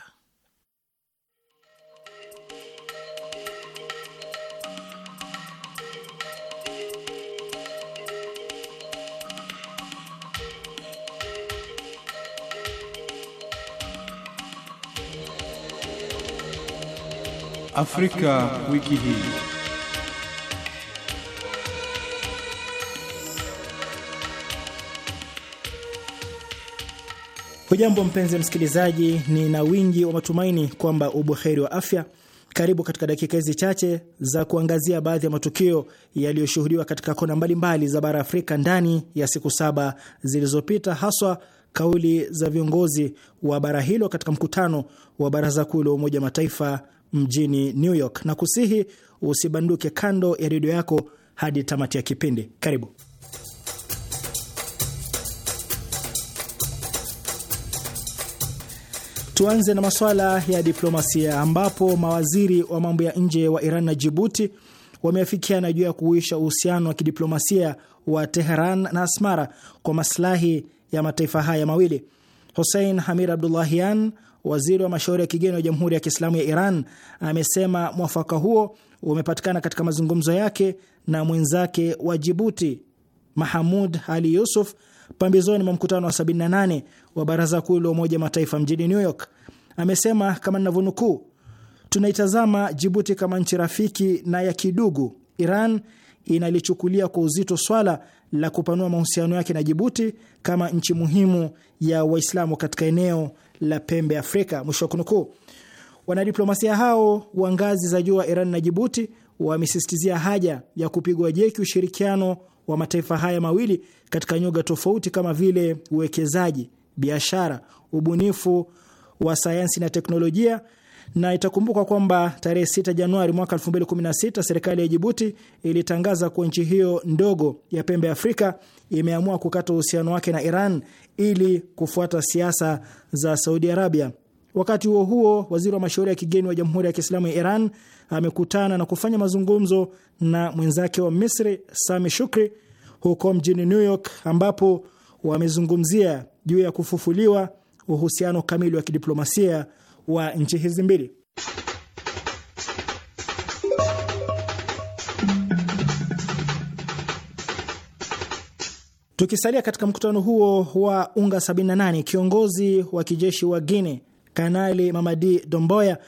Afrika, Afrika wiki hii. Hujambo mpenzi msikilizaji, ni na wingi wa matumaini kwamba ubuheri wa afya. Karibu katika dakika hizi chache za kuangazia baadhi ya matukio yaliyoshuhudiwa katika kona mbalimbali za bara Afrika ndani ya siku saba zilizopita, haswa kauli za viongozi wa bara hilo katika mkutano wa Baraza Kuu la Umoja Mataifa mjini New York, na kusihi usibanduke kando ya redio yako hadi tamati ya kipindi. Karibu. Tuanze na masuala ya diplomasia ambapo mawaziri wa mambo ya nje wa Iran na Jibuti wameafikiana juu ya kuhuisha uhusiano wa kidiplomasia wa Teheran na Asmara kwa maslahi ya mataifa haya mawili. Hussein Hamir Abdullahian, waziri wa mashauri ya kigeni wa Jamhuri ya Kiislamu ya Iran, amesema mwafaka huo umepatikana katika mazungumzo yake na mwenzake wa Jibuti Mahamud Ali Yusuf pambizoni mwa mkutano wa 78 wa Baraza Kuu la Umoja Mataifa mjini New York amesema kama ninavyonukuu, tunaitazama Jibuti kama nchi rafiki na ya kidugu. Iran inalichukulia kwa uzito swala la kupanua mahusiano yake na Jibuti kama nchi muhimu ya Waislamu katika eneo la pembe Afrika, mwisho wa kunukuu. Wanadiplomasia hao wa ngazi za juu wa Iran na Jibuti wamesisitizia haja ya kupigwa jeki ushirikiano wa mataifa haya mawili katika nyuga tofauti kama vile uwekezaji, biashara, ubunifu wa sayansi na teknolojia na itakumbuka kwamba tarehe 6 Januari mwaka 2016 serikali ya Jibuti ilitangaza kuwa nchi hiyo ndogo ya pembe Afrika imeamua kukata uhusiano wake na Iran ili kufuata siasa za Saudi Arabia. Wakati huo huo, waziri wa mashauri ya kigeni wa Jamhuri ya Kiislamu ya Iran amekutana na kufanya mazungumzo na mwenzake wa Misri Sami Shukri huko mjini New York, ambapo wamezungumzia juu ya kufufuliwa uhusiano kamili wa kidiplomasia wa nchi hizi mbili. Tukisalia katika mkutano huo wa UNGA 78 kiongozi wa kijeshi wa Guine Kanali Mamadi Domboya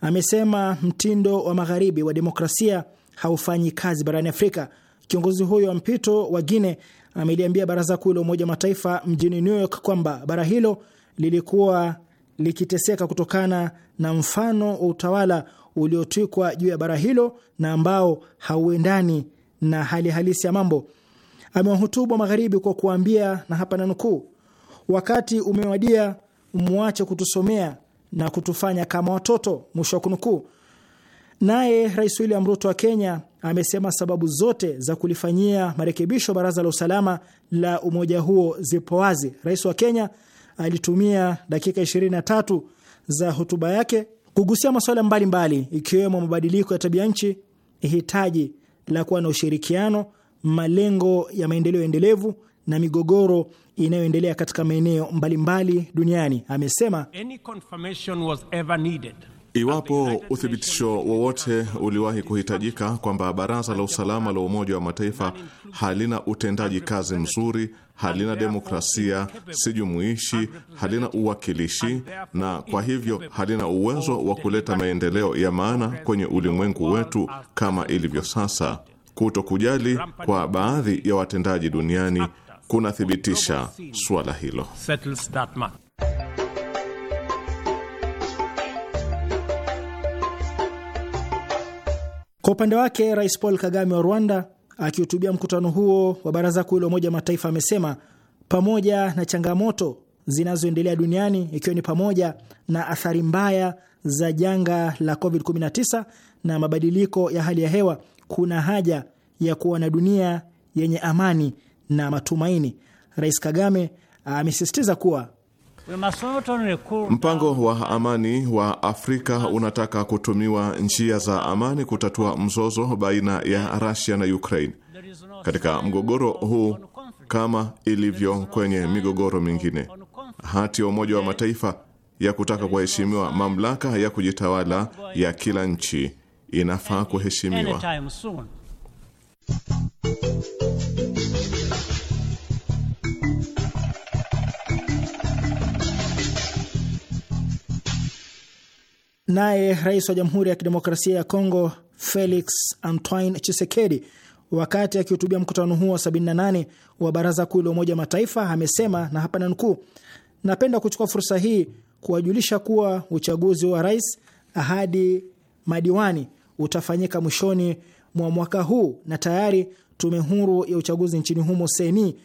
amesema mtindo wa magharibi wa demokrasia haufanyi kazi barani Afrika. Kiongozi huyo wa mpito wa Guine ameliambia baraza kuu la Umoja Mataifa mjini New York kwamba bara hilo lilikuwa likiteseka kutokana na mfano wa utawala uliotwikwa juu ya bara hilo na ambao hauendani na hali halisi ya mambo. Amewahutubwa magharibi kwa kuambia, na hapa nanukuu, wakati umewadia, mwache kutusomea na kutufanya kama watoto, mwisho wa kunukuu. Naye Rais William Ruto wa Kenya amesema sababu zote za kulifanyia marekebisho baraza la usalama la umoja huo zipo wazi. Rais wa Kenya alitumia dakika 23 za hotuba yake kugusia masuala mbalimbali ikiwemo mabadiliko ya tabia nchi, hitaji la kuwa na ushirikiano, malengo ya maendeleo endelevu na migogoro inayoendelea katika maeneo mbalimbali duniani. Amesema Any confirmation was ever needed Iwapo uthibitisho wowote uliwahi kuhitajika kwamba Baraza la Usalama la Umoja wa Mataifa halina utendaji kazi mzuri, halina demokrasia, si jumuishi, halina uwakilishi na kwa hivyo halina uwezo wa kuleta maendeleo ya maana kwenye ulimwengu wetu kama ilivyo sasa, kuto kujali kwa baadhi ya watendaji duniani kunathibitisha suala hilo. Kwa upande wake, Rais Paul Kagame wa Rwanda akihutubia mkutano huo wa Baraza Kuu la Umoja wa Mataifa amesema pamoja na changamoto zinazoendelea duniani ikiwa ni pamoja na athari mbaya za janga la COVID-19 na mabadiliko ya hali ya hewa, kuna haja ya kuwa na dunia yenye amani na matumaini. Rais Kagame amesisitiza kuwa Mpango wa amani wa Afrika unataka kutumiwa njia za amani kutatua mzozo baina ya Russia na Ukraine. Katika mgogoro huu kama ilivyo kwenye migogoro mingine, hati ya Umoja wa Mataifa ya kutaka kuheshimiwa mamlaka ya kujitawala ya kila nchi inafaa kuheshimiwa. Naye rais wa Jamhuri ya Kidemokrasia ya Kongo Felix Antoine Chisekedi, wakati akihutubia mkutano huo wa 78 wa Baraza Kuu la Umoja Mataifa, amesema na hapa nanukuu, napenda kuchukua fursa hii kuwajulisha kuwa uchaguzi wa rais hadi madiwani utafanyika mwishoni mwa mwaka huu na tayari tume huru ya uchaguzi nchini humo seni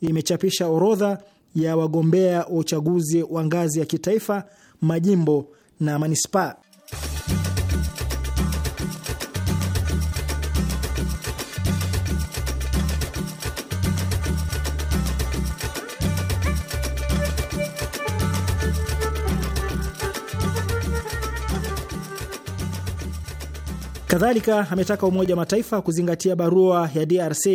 imechapisha orodha ya wagombea wa uchaguzi wa ngazi ya kitaifa, majimbo na manispaa. Kadhalika ametaka Umoja wa Mataifa kuzingatia barua ya DRC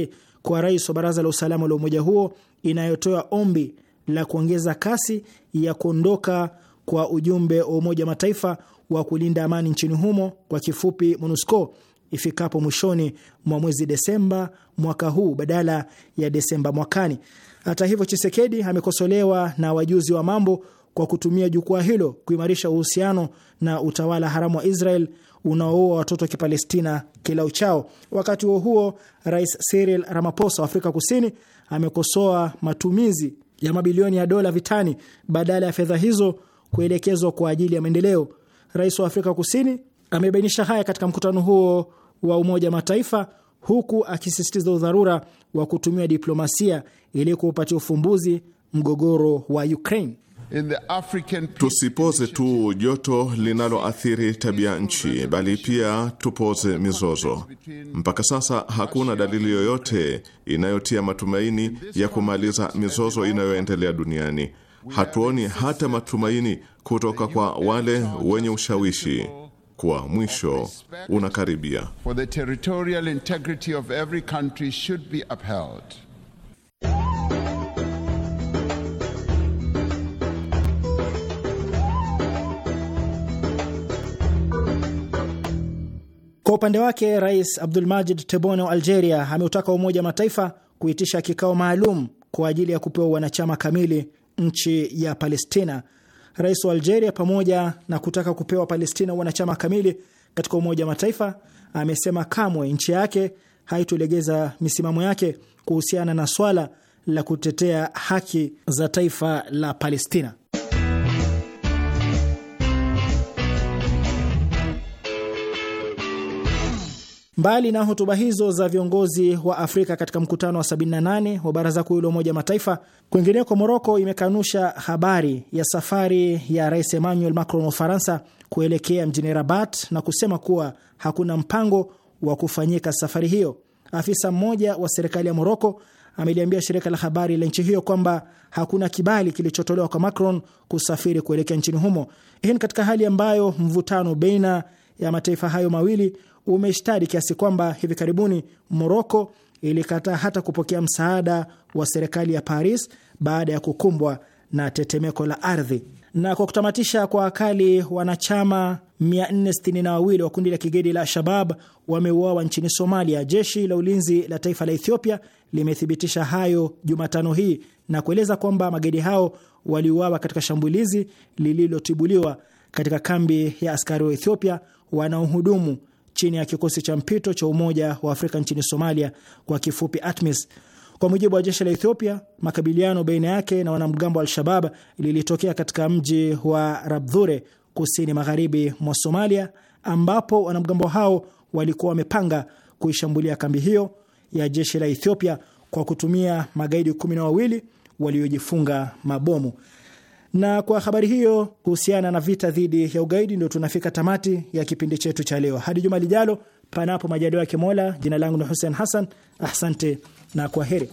kwa rais wa Baraza la Usalama la umoja huo inayotoa ombi la kuongeza kasi ya kuondoka kwa ujumbe wa Umoja wa Mataifa wa kulinda amani nchini humo kwa kifupi MONUSCO ifikapo mwishoni mwa mwezi Desemba mwaka huu badala ya Desemba mwakani. Hata hivyo, Chisekedi amekosolewa na wajuzi wa mambo kwa kutumia jukwaa hilo kuimarisha uhusiano na utawala haramu wa Israel unaoua watoto wa Kipalestina kila uchao. Wakati huo huo, Rais Cyril Ramaphosa wa Afrika Kusini amekosoa matumizi ya mabilioni ya dola vitani badala ya fedha hizo kuelekezwa kwa ajili ya maendeleo. Rais wa Afrika Kusini amebainisha haya katika mkutano huo wa Umoja Mataifa, huku akisisitiza udharura wa kutumia diplomasia ili kuupatia ufumbuzi mgogoro wa Ukraine. African... tusipoze tu joto linaloathiri tabia nchi, bali pia tupoze mizozo. Mpaka sasa hakuna dalili yoyote inayotia matumaini ya kumaliza mizozo inayoendelea duniani hatuoni hata matumaini kutoka kwa wale wenye ushawishi kuwa mwisho unakaribia. Kwa upande wake Rais Abdulmajid Tebboune wa Algeria ameutaka Umoja wa Mataifa kuitisha kikao maalum kwa ajili ya kupewa wanachama kamili nchi ya Palestina. Rais wa Algeria, pamoja na kutaka kupewa Palestina wanachama kamili katika Umoja wa Mataifa, amesema kamwe nchi yake haitolegeza misimamo yake kuhusiana na swala la kutetea haki za taifa la Palestina. Mbali na hotuba hizo za viongozi wa Afrika katika mkutano wa 78 wa Baraza Kuu la Umoja Mataifa, kwengineko Moroko imekanusha habari ya safari ya Rais Emmanuel Macron wa Ufaransa kuelekea mjini Rabat na kusema kuwa hakuna mpango wa kufanyika safari hiyo. Afisa mmoja wa serikali ya Moroko ameliambia shirika la habari la nchi hiyo kwamba hakuna kibali kilichotolewa kwa Macron kusafiri kuelekea nchini humo. Hii ni katika hali ambayo mvutano baina ya mataifa hayo mawili umeshtadi kiasi kwamba hivi karibuni Moroko ilikataa hata kupokea msaada wa serikali ya Paris baada ya kukumbwa na tetemeko la ardhi. Na kwa kutamatisha, kwa akali wanachama 462 wa kundi la kigaidi la Al-Shabab wameuawa nchini Somalia. Jeshi la ulinzi la taifa la Ethiopia limethibitisha hayo Jumatano hii na kueleza kwamba magaidi hao waliuawa katika shambulizi lililotibuliwa katika kambi ya askari wa Ethiopia wanaohudumu chini ya kikosi cha mpito cha Umoja wa Afrika nchini Somalia, kwa kifupi ATMIS. Kwa mujibu wa jeshi la Ethiopia, makabiliano baina yake na wanamgambo wa Al-Shabab lilitokea katika mji wa Rabdhure, kusini magharibi mwa Somalia, ambapo wanamgambo hao walikuwa wamepanga kuishambulia kambi hiyo ya jeshi la Ethiopia kwa kutumia magaidi kumi na wawili waliojifunga mabomu. Na kwa habari hiyo kuhusiana na vita dhidi ya ugaidi, ndio tunafika tamati ya kipindi chetu cha leo. Hadi juma lijalo, panapo majaliwa ya Mola. Jina langu ni Hussein Hassan, asante na kwa heri.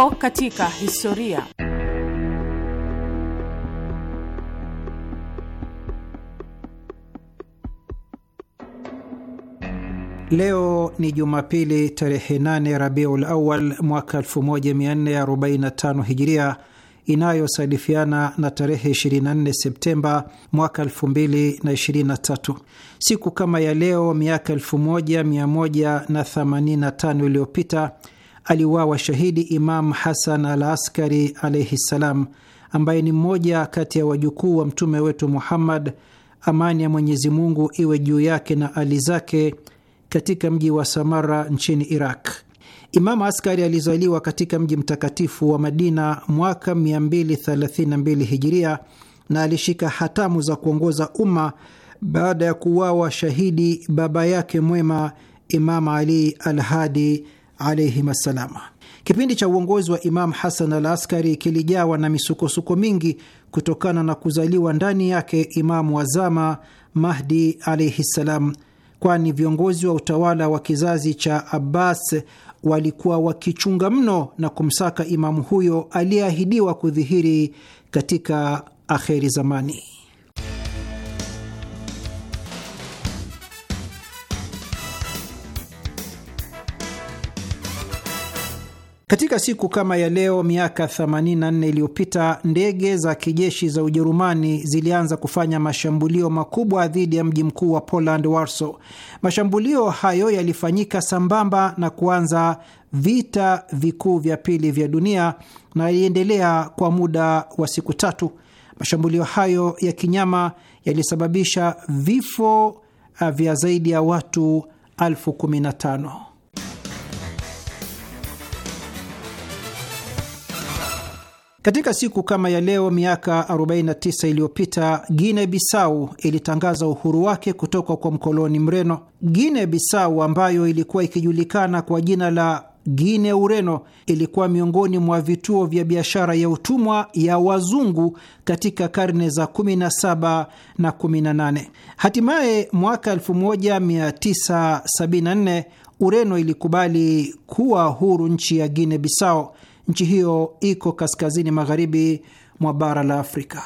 Leo katika historia. Leo ni Jumapili tarehe 8 Rabiul Awal mwaka 1445 Hijiria, inayosadifiana na tarehe 24 Septemba mwaka 2023. Siku kama ya leo miaka 1185 iliyopita aliuawa shahidi Imam Hasan al Askari alaihi ssalam, ambaye ni mmoja kati ya wajukuu wa mtume wetu Muhammad, amani ya Mwenyezi Mungu iwe juu yake na ali zake, katika mji wa Samara nchini Iraq. Imam Askari alizaliwa katika mji mtakatifu wa Madina mwaka 232 Hijiria na alishika hatamu za kuongoza umma baada ya kuuawa shahidi baba yake mwema Imam Ali Alhadi alaihim assalama. Kipindi cha uongozi wa Imamu Hasan al Askari kilijawa na misukosuko mingi kutokana na kuzaliwa ndani yake Imamu wazama Mahdi alaihi ssalam, kwani viongozi wa utawala wa kizazi cha Abbas walikuwa wakichunga mno na kumsaka imamu huyo aliyeahidiwa kudhihiri katika akheri zamani. Katika siku kama ya leo miaka 84 iliyopita ndege za kijeshi za Ujerumani zilianza kufanya mashambulio makubwa dhidi ya mji mkuu wa Poland, Warsaw. Mashambulio hayo yalifanyika sambamba na kuanza vita vikuu vya pili vya dunia na yaliendelea kwa muda wa siku tatu. Mashambulio hayo ya kinyama yalisababisha vifo eh, vya zaidi ya watu elfu kumi na tano. Katika siku kama ya leo miaka 49 iliyopita guine bisau ilitangaza uhuru wake kutoka kwa mkoloni Mreno. guine bisau ambayo ilikuwa ikijulikana kwa jina la guine Ureno ilikuwa miongoni mwa vituo vya biashara ya utumwa ya wazungu katika karne za 17 na 18. Hatimaye mwaka 1974 Ureno ilikubali kuwa huru nchi ya guine Bisau. Nchi hiyo iko kaskazini magharibi mwa bara la Afrika.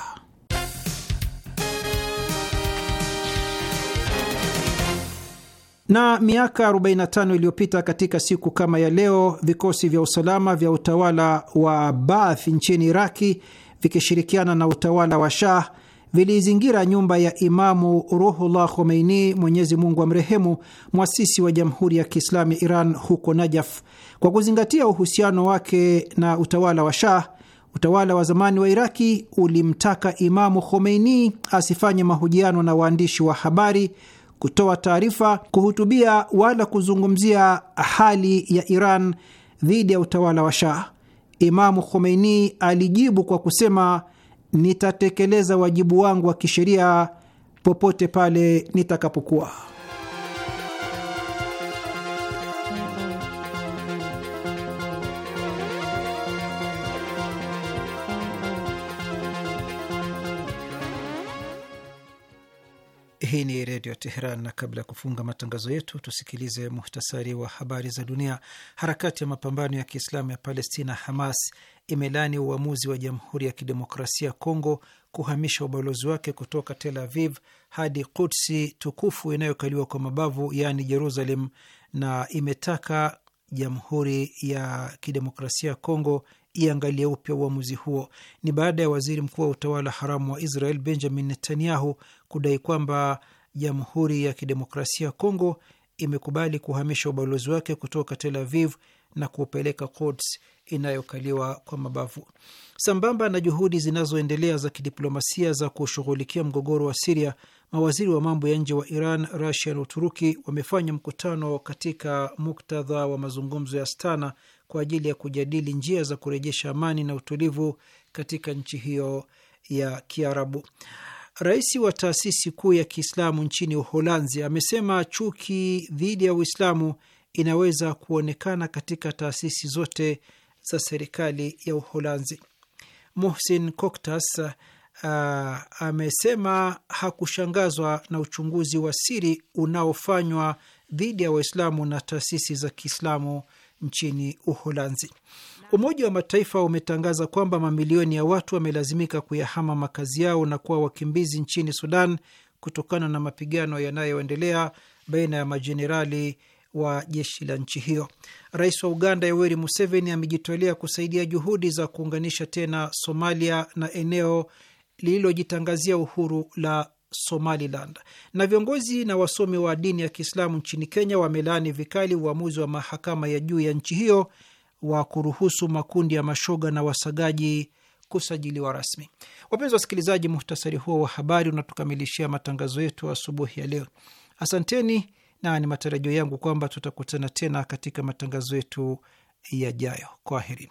Na miaka 45 iliyopita katika siku kama ya leo, vikosi vya usalama vya utawala wa Baath nchini Iraki vikishirikiana na utawala wa Shah viliizingira nyumba ya Imamu Ruhullah Khomeini, Mwenyezi Mungu amrehemu, mwasisi wa Jamhuri ya Kiislamu ya Iran huko Najaf kwa kuzingatia uhusiano wake na utawala wa Shah, utawala wa zamani wa Iraki ulimtaka Imamu Khomeini asifanye mahojiano na waandishi wa habari, kutoa taarifa, kuhutubia wala kuzungumzia hali ya Iran dhidi ya utawala wa Shah. Imamu Khomeini alijibu kwa kusema, nitatekeleza wajibu wangu wa kisheria popote pale nitakapokuwa. Hii ni Redio Teheran, na kabla ya kufunga matangazo yetu tusikilize muhtasari wa habari za dunia. Harakati ya mapambano ya Kiislamu ya Palestina, Hamas, imelani uamuzi wa Jamhuri ya Kidemokrasia Kongo kuhamisha ubalozi wake kutoka Tel Aviv hadi kutsi tukufu inayokaliwa kwa mabavu, yaani Jerusalem, na imetaka Jamhuri ya Kidemokrasia ya Kongo iangalie upya uamuzi huo. Ni baada ya waziri mkuu wa utawala haramu wa Israel Benjamin Netanyahu kudai kwamba Jamhuri ya Kidemokrasia congo Kongo imekubali kuhamisha ubalozi wake kutoka Tel Aviv na kuupeleka Quds inayokaliwa kwa mabavu. Sambamba na juhudi zinazoendelea za kidiplomasia za kushughulikia mgogoro wa Siria, mawaziri wa mambo ya nje wa Iran, Rasia na Uturuki wamefanya mkutano katika muktadha wa mazungumzo ya Astana kwa ajili ya kujadili njia za kurejesha amani na utulivu katika nchi hiyo ya Kiarabu. Rais wa taasisi kuu ya Kiislamu nchini Uholanzi amesema chuki dhidi ya Uislamu inaweza kuonekana katika taasisi zote za serikali ya Uholanzi. Mohsin Koktas uh, amesema hakushangazwa na uchunguzi wa siri unaofanywa dhidi ya Waislamu na taasisi za Kiislamu nchini Uholanzi. Umoja wa Mataifa umetangaza kwamba mamilioni ya watu wamelazimika kuyahama makazi yao na kuwa wakimbizi nchini Sudan kutokana na mapigano yanayoendelea baina ya majenerali wa jeshi la nchi hiyo. Rais wa Uganda Yoweri Museveni amejitolea kusaidia juhudi za kuunganisha tena Somalia na eneo lililojitangazia uhuru la Somaliland. Na viongozi na wasomi wa dini ya Kiislamu nchini Kenya wamelaani vikali uamuzi wa mahakama ya juu ya nchi hiyo wa kuruhusu makundi ya mashoga na wasagaji kusajiliwa rasmi. Wapenzi wasikilizaji, muhtasari huo wa habari unatukamilishia matangazo yetu asubuhi ya leo. Asanteni na ni matarajio yangu kwamba tutakutana tena katika matangazo yetu yajayo. Kwaherini.